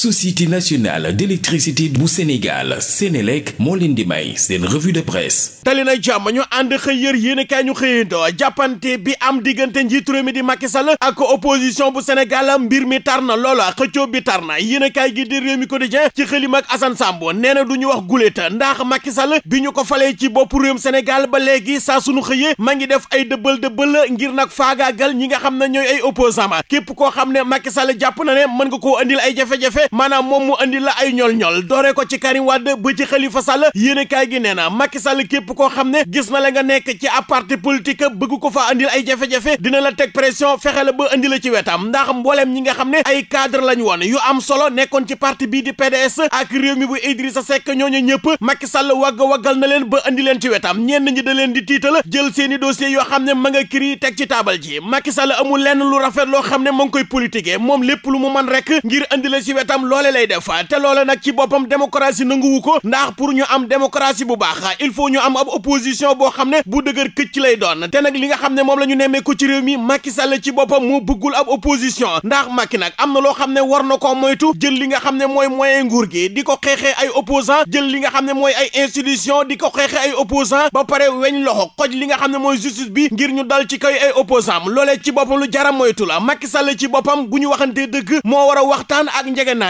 société nationale d'électricité bu Sénégal Sénélec moo leen di may seen revue de presse tali na jàmm ñu ànd xëy yër yéenekaay ñu xëyandoo jàppante bi am diggante njiitu réew mi di Macky Sall ak opposition bu Sénégal mbir mi tar na loola xëccoo bi tar na yéenekaay gi di réew mi quotidien ci xëlim ak Assane Samb nee na du ñu wax guléeta ndax Macky Sall bi ñu ko falee ci bopp réewum Sénégal ba léegi saa sunu xëyee ma ngi def ay dëbbal dëbbal ngir nag faagaagal ñi nga xam ne ñooy ay opposant képp koo xam ne Macky Sall jàpp na ne mën koo andil ay jafe maanaam moom mu indi la ay ñol-ñol dooree ko ci Karim Wade ba ci xalifa Sall yéenekaay gi nee na Macky képp koo xam ne gis na la nga nekk ci ab parti politique bëgg ko faa andil ay jafe-jafe dina la teg pression fexe la ba indi la ci wetam ndax mbooleem ñi nga xam ne ay cadre lañ woon yu am solo nekkoon ci parti bii di PDS ak réew mi bu Idrissa sekk ñooñu ñëpp Macky Sall wagga waggal na leen ba indi leen ci wetam ñenn ñi da leen di tiital jël seeni dossiers yoo xam ne ma nga kiri teg ci taabal ji Macky Sall amul lenn lu rafet loo xam ne ma ngi koy politiquer moom lépp lu mu man rek ngir andi la ci wetam loole lay def te loole nag ci boppam démocratie nanguwu ko ndax pour ñu am démocratie bu baax il faut ñu am ab opposition boo xam ne bu dëgër këcc lay doon te nag li nga xam ne moom la ñu nemmee ci réew mi Macky Sall ci boppam mu bëggul ab opposition ndax Macky nag am na loo xam ne war na ko moytu jël li nga xam ne mooy moyen nguur gi di ko xeexee ay opposant jël li nga xam ne mooy ay institution di ko xeexee ay opposant ba pare weñ loxo xoj li nga xam ne mooy justice bi ngir ñu dal ci kaw ay opposant loolee ci boppam lu jara moytu Sall ci boppam bu ñu waxantee dëgg moo war a waxtaan ak njëgënaay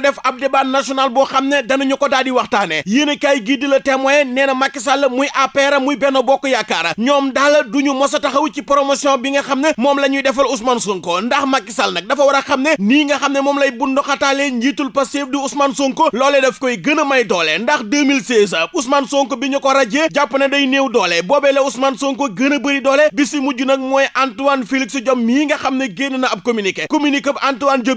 a def ab débat national boo xam ne danañu ko daal di waxtaanee yéen a kaay gii di la témoin nee muy APR muy benn bokk yaakaar ñoom daal du ñu mos a ci promotion bi nga xam ne moom a lay bundoxataale njiitul Pastef di Ousmane Sonko loolee daf koy gën a may doole ndax 2016 Sonko bi ñu ko rajee jàpp ne day néew doole boobee la Ousmane Sonko gën a bëri doole bi mujj nag mooy Antoine Félix Diome mii nga xam ne génn ab communiqué communiqué bu Antoine a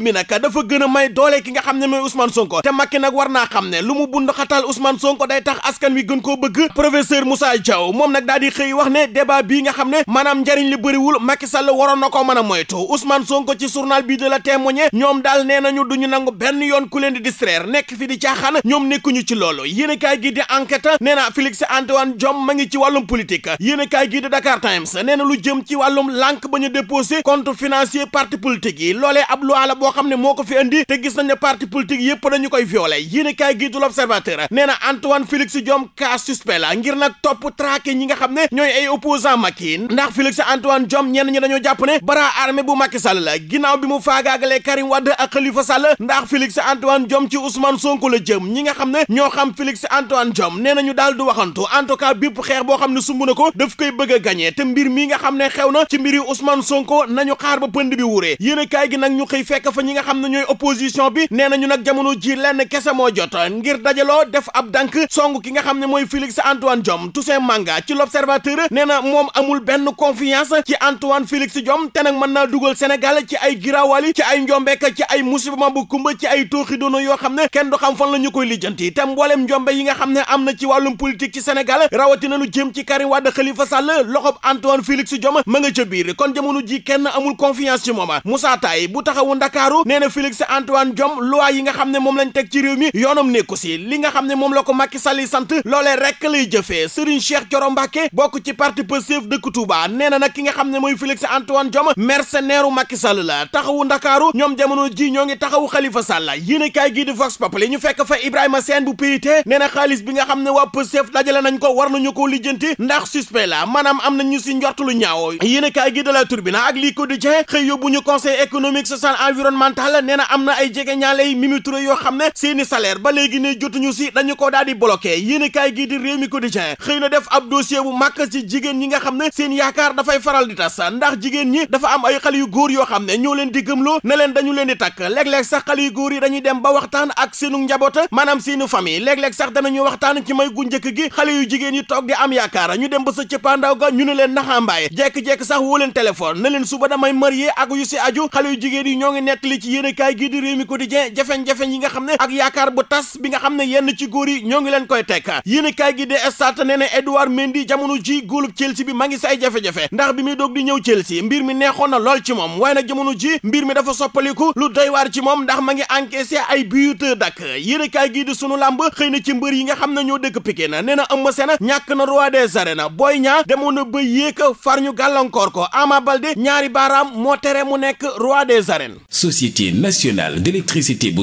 may doole ki nga xam ne mooy Ousmane Sonko te Macky nag war naa xam ne lu mu bund xatal Ousmane Sonko day tax askan wi gën koo bëgg professeur Moussa Diaw moom nag daal xëy wax ne débat bii nga xam ne maanaam njariñ li bëriwul Macky Sall waroon na ko mën a moytu Ousmane Sonko ci journal bii de la témoigner ñoom daal nee nañu duñu nangu benn yoon ku leen di distraire nekk fi di caaxaan ñoom nekkuñu ci loolu yéenekaay gi di enquête nee na Félix Antoine Diome ma ngi ci wàllum politique yéenekaay gi di Dakar Times nee na lu jëm ci wàllum lànk ba ñu déposé compte financier parti politique yépp dañu koy violé yéene kaay gi du l'observateur nee na Antoine Félix Diome cas suspect la ngir nag topp traqué ñi nga xam ne ñooy ay opposant Macky ndax ndax Félix Antoine Diome ci Ousmane Sonko la jëm ñi nga xam ne ñoo xam daal du waxantu en tout cas xeex boo xam ne sumb ko daf koy bëgg a gagné te mbir mi nga xam ne xew na ci mbiri Ousmane Sonko nañu xaar ba pënd bi wuree yéen a kaay gi nag ñu xëy fekk fa ñi nga xam ne ñooy opposition bi nee nag jamono ji lenn kese moo jot ngir dajaloo def ab dank song ki nga xam ne mooy Félix Antoine Diome Toussaint Manga ci l'Observateur nee na moom amul benn confiance ci Antoine Félix Diome te nag mën naa dugal Sénégal ci ay giraawaali ci ay njombeek ci ay musiba bu kumba ci ay tooxi doona yoo xam ne kenn du xam fan la ñu koy lijjanti te mbooleem njombe yi nga xam ne am na ci wàllum politique ci Sénégal rawatina lu jëm ci Karim Wade Khalifa Sall loxob Antoine Félix Diome ma nga ca biir kon jamono ji kenn amul confiance ci mooma Moussa Taye bu taxawu Ndakaaru nee na yi nga xam ne moom lañ teg ci réew mi yoonam nekku si li nga xam ne moom la ko Macky Sall yi sant loolee rek lay jëfee Serigne Cheikh Thioro Mbacké bokk ci parti Pastef dëkk Touba nee na ki nga xam ne mooy Félix Antoine Diome mercenaire u Macky Sall la taxawu Ndakaaru ñoom jamono ji ñoo ngi taxawu Khalifa Sall yéen kaay gii di Vox Populi ñu fekk fa Ibrahima Sène bu PIT nee na xaalis bi nga xam ne waa Pastef dajale nañ ko war nañu ko lijjanti ndax suspect am nañ ñu si njort lu ñaaw ñu conseil économique social environnemental nee na am Mimi Touré yoo xam ne seeni salaire ba léegi ne jotuñu si dañu ko daal di bloqué yéen gii di réew mi quotidien xëy na def ab dossier bu màkk ci jigéen ñi nga xam ne seen yaakaar dafay faral di tas ndax jigéen ñi dafa am ay xale yu góor yoo xam ne ñoo leen di gëmloo ne leen dañu leen di takk léeg-léeg sax xale yu góor yi dañuy dem ba waxtaan ak seenu njaboot maanaam seenu famille léeg-léeg sax danañu waxtaan ci may gu njëkk gi xale yu jigéen yi toog di am yaakaar ñu dem sa cëppaandaw ñu ne leen naxambaay jekk-jekk sax woo leen téléphone ne leen suba damay marié ak yu si aju yu jigéen yi ñoo ngi nettali ci i kaay gii di réew mi quotidien jafe jafeñ-jafeñ yi nga xam ne ak yaakaar bu tas bi nga xam ne yenn ci góor yi ñoo ngi leen koy teg yéen i kaay gi de Stades nee na Edouard Mendy jamono ji góolub Chelsea bi ma ngi si ay jafe ndax bi muy doog di ñëw Chelsea mbir mi neexoon na lool ci moom waaye nag jamono ji mbir mi dafa soppaliku lu doy waar ci moom ndax ma ngi encaissé ay but dak yéen i kaay gi di sunu làmb xëy na ci mbër yi nga xam ne ñoo dëkk Pikine nee na Eumeu Sène ñàkk na roi des arènes Boy Niang demoon na ba yéeg far ñu gàllankoor ko Ama Baldé ñaari baaraam moo tere mu nekk roi des arènes société nationale d'électricité bu